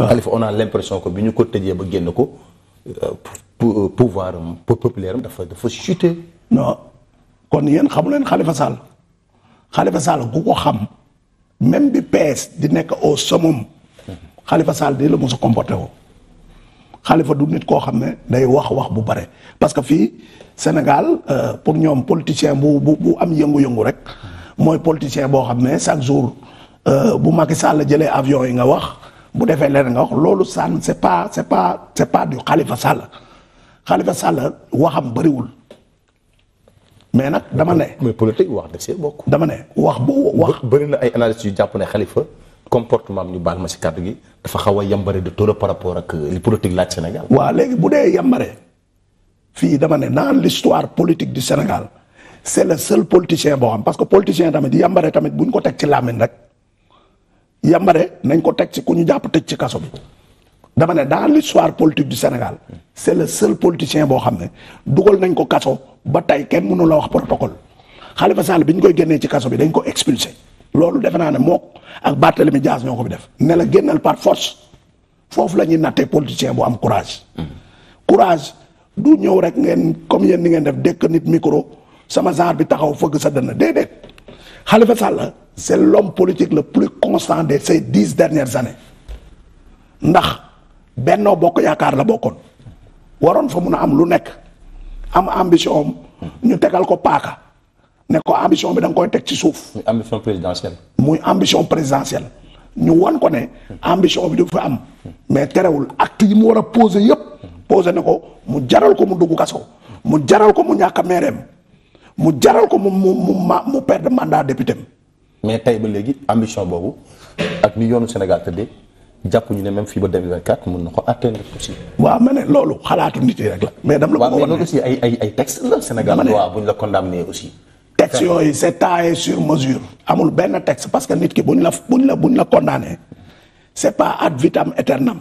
Ah. Khalifa on a l'impression ko bi ñu ko tëjee ba génn ko euh, euh, pouvoir am populaire am dafa dafa chuter. non kon yéen xamu leen Khalifa Sall Khalifa Sall ku ko xam même bi PS di nekk au sommet Khalifa Sall di la mos a comporté woo Khalifa du nit koo xam ne day wax wax bu bare parce que fii Sénégal euh, pour ñoom politicien bu bu am yëngu-yëngu rek mooy politicien boo xam ne chaque jour bu Macky Sall jëlee avion yi nga wax. bu defee leen nga loolu sànn c'est pas c'est pas c'est pas du Khalifa Sall Khalifa Sall waxam bëriwul mais nag dama ne. wax def see bokk. dama ne wax bu wax. bëri na ay analyses yu jàpp ne Khalifa comportement ñu baal ma si kàddu gi dafa xaw a yambare de trop par rapport ak euh, li politique laaj Sénégal. waaw léegi bu dee yambare fii dama ne naan l'histoire politique du Sénégal c'est le seul politicien boo xam parce que politicien tamit yambare tamit bu ñu ko teg ci làmmiñ rek. yambare nañ ko teg ci ku ñu jàpp tëj ci kaso bi dafa ne dans l'histoire politique du Sénégal c'est le seul politicien boo xam ne dugal nañ ko kaso ba tey kenn mënu la wax protocole Khalifa Sall bi ñu koy génnee ci kaso bi dañ ko expulsé loolu defe naa ne mook ak Barthélemy Dias ñoo ko bi def ne la génnal par force foofu la ñuy nattee politicien boo am courage courage du ñëw rek ngeen comme yéen ni ngeen def dëkk nit micro sama genre bi taxaw fëgg sa dënn déedéet Khalifa Sall c'est l'homme politique le constant de ces dix dernières années ndax Benno Bokk Yaakaar la bokkoon waroon fa mun a am lu nekk am ambition ñu tegal ko paaka nekko ko ambition bi danga nga koy teg ci suuf. muy ambition présidentielle. muy ambition présidentielle ñu wan ko ne. ambition bi du fa am. mais terewul acte yi mu war a poser yëpp. poser ne ko mu jaral ko mu dugg kaso. mu jaral ko mu ñàkk a meereem mu jaral ko mu mu mu mu perdre mandat député mais tey ba léegi ambition boobu ak ni yoonu Sénégal tëddee jàpp ñu ne même fii ba 2024 mun na ko atteindre aussi. waa ma ne loolu xalaatu nit yi rek mais dama la ko mais aussi ay ay ay texte la. Sénégal waa bu ñu la condamné aussi. texte yooyu c' est taillé sur mesure. amul benn texte parce que nit ki bu ñu la bu ñu la bu ñu la condamné c' est pas at vitam éternam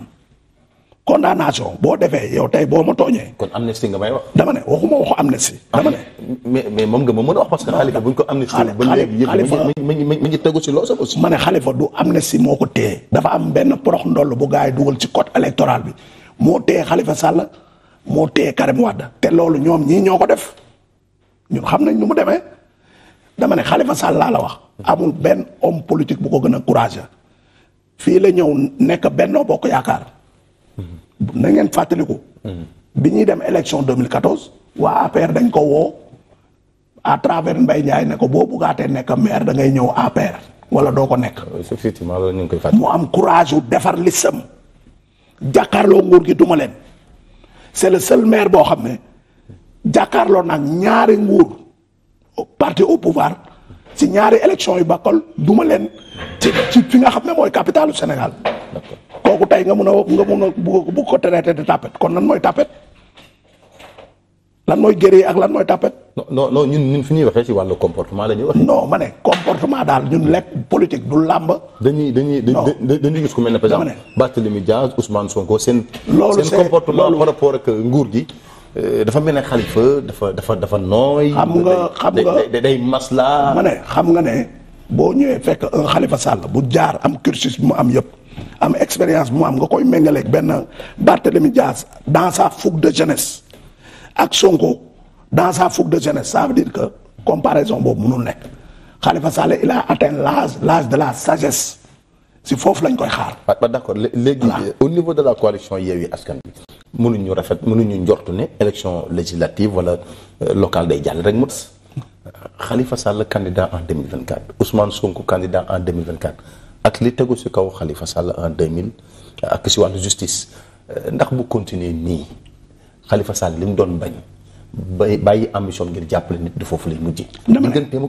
condamnation boo defee yow tey boo ma tooñee. kon amnistie nga may wax. dama ne waxuma waxu amnistie. dama ne ah, mais mais moom nga ma mën a wax parce que xalifa buñ ko amnistie. ba léegi yëpp mi ngi mi ngi tegu si loosam aussi. ma ne xalifa du amnistie moo ko téye. dafa am benn porox ndoll bu gars yi dugal ci code électoral bi moo téye xalifa Sall moo téye Karim Wade. te loolu ñoom ñii ñoo ko def ñu xam nañ nu mu demee dama ne xalifa Sall laa la wax. amul benn homme politique bu ko gën a courage fii la ñëw nekk Benno Bokk Yaakaar. na ngeen fàttaliku. bi ñuy dem élection 2014. waa APR dañ ko woo à travers Mbaye Ndiaye ne ko boo bugaatee nekk maire da ngay ñëw APR wala doo ko nekk. effectivement loolu ngi koy fàttali. mu am courage wu defar listam. jàkkaarloo nguur gi duma leen. c'est le seul maire boo xam ne jàkkaarloo nag ñaari nguur parti au si ñaari élection yu bakkol duma leen ci ci fi nga xam ne mooy capitalu Sénégal. kooku tey nga mun a nga mun a bugg bugg ko traité de tapet kon lan mooy tapet lan mooy géré ak lan mooy tapet. no non ñun ñun fi ñuy waxee ci wàllu la ñuy wax. non ma ne comportement daal ñun lekk politique du làmb. dañuy dañuy dañuy gis ku mel ne par exemple Barthélemy Diaz Ousmane Sonko seen. loolu seen comportement par rapport ak nguur gi. Euh, dafa mel ne Khalifa dafa dafa dafa nooy. xam nga xam nga day maslaa. ma ne xam nga ne boo ñëwee fekk xalifa Khalifa bu jaar am cursus mu am yëpp. am expérience mu am nga koy méngaleeg benn Barthélemy Dias dans sa fougue de jeunesse ak Sonko dans sa fougue de jeunesse sa veut dire que comparaison boobu mënul nekk Khalifa Sall il a atteint l'âge l'âge de la sagesse si foofu lañ koy xaar. waaw d'accord léegi. Euh, au niveau de la coalition Yewwi Askan Wi. mënuñu rafet mënuñu njortu ne élection législative wala euh, locale day jàll rek mu euh, Khalifa Sall candidat en 2024 Ousmane Sonko candidat en 2024 ak li tegu si kaw xalifa Sall en 2000 ak si wàllu justice euh, ndax bu continuer nii Khalifa Sall li mu doon bañ bay bàyyi ambition ngir jàppale nit di foofu lay mujj. dama ne digganteem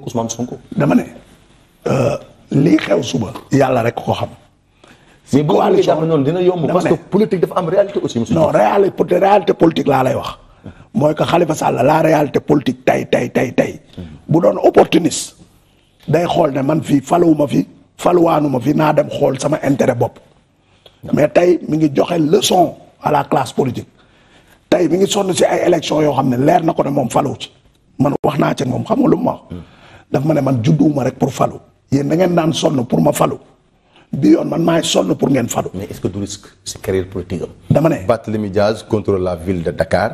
dama ne euh, xew suba. yàlla rek ko xam. si coalition noonu dina yomb parce que politique dafa am réalité aussi. non réalité réalité politique laa lay wax. mooy que Khalifa Sall la réalité politique tey tey tey tey. Hmm. bu doon opportuniste. day xool ne man fii falawuma fi. faluwaanu ma fi naa dem xool sama intérêt bopp mais tey mi ngi joxe leçon à la classe politique tey mi ngi sonn si ay élection yoo xam ne leer na ko ne moom falu ci man wax naa ci moom xam nga lu ma wax mm. daf ma ne man judduwuma rek pour falu yéen da ngeen daan sonn pour ma falu bi yoon man maay sonn pour ngeen falu mais est-ce que du risque si carrière politique am dama ne Barthélémy Diaz contrôle la ville de Dakar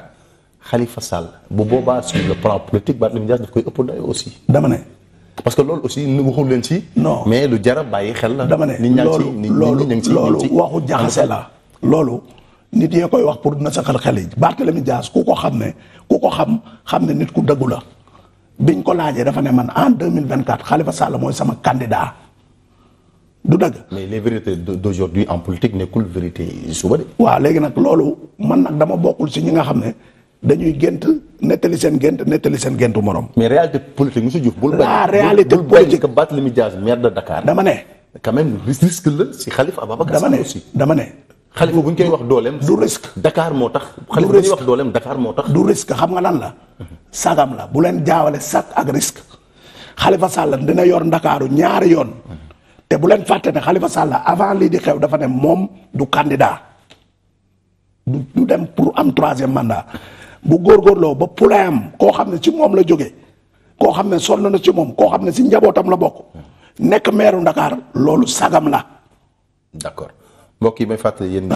Khalifa Sall bu boobaa sur le plan politique Barthélémy koy ëpp dayo aussi dama parce que loolu aussi nu waxul leen si non mais lu jara bàyyi xel la. dama ne loolu loolu loolu waxu jaxase la loolu. nit yee koy wax pour dina saxal xel yi Barthélemy Dias ku ko xam ne ku ko xam xam ne nit ku dëggu la biñ ko laajee dafa ne man en deux mille vingt quatre Khalifa Sall mooy sama candidat du dëgg. mais les vérités d'aujourd'hui en politique nekkul vérité suba de. waaw léegi nag loolu man nag dama bokkul si ñi nga xam ne. dañuy gént nettali seen gént nettali seen géntu morom. mais réalité politique monsieur Diouf. bul bañ ah, réalité politique bul bañ Barthélémy Dias maire de Dakar. dama ne. quand même risque la si Khalifa Ababacar Sall aussi dama ne dama ne. Khalifa bu ñu koy wax dooleem. du risque Dakar moo tax. du risque Khalifa bu ñuy wax dooleem Dakar moo tax. du risque xam nga lan la. sagam la bu leen jaawale sag ak risque. Khalifa Sall dina yor ndakaaru ñaari yoon. te bu leen fàtte ne Khalifa Sall avant lii di xew dafa ne moom du candidat. du dem pour am troisième mandat. bu góor góorloo ba pulaayam koo xam ne ci moom la jóge koo xam ne sonn na ci moom koo xam ne si njabootam la bokk nekk meeru Ndakaar loolu sagam la. d'accord mbokk yi may fàttali yéen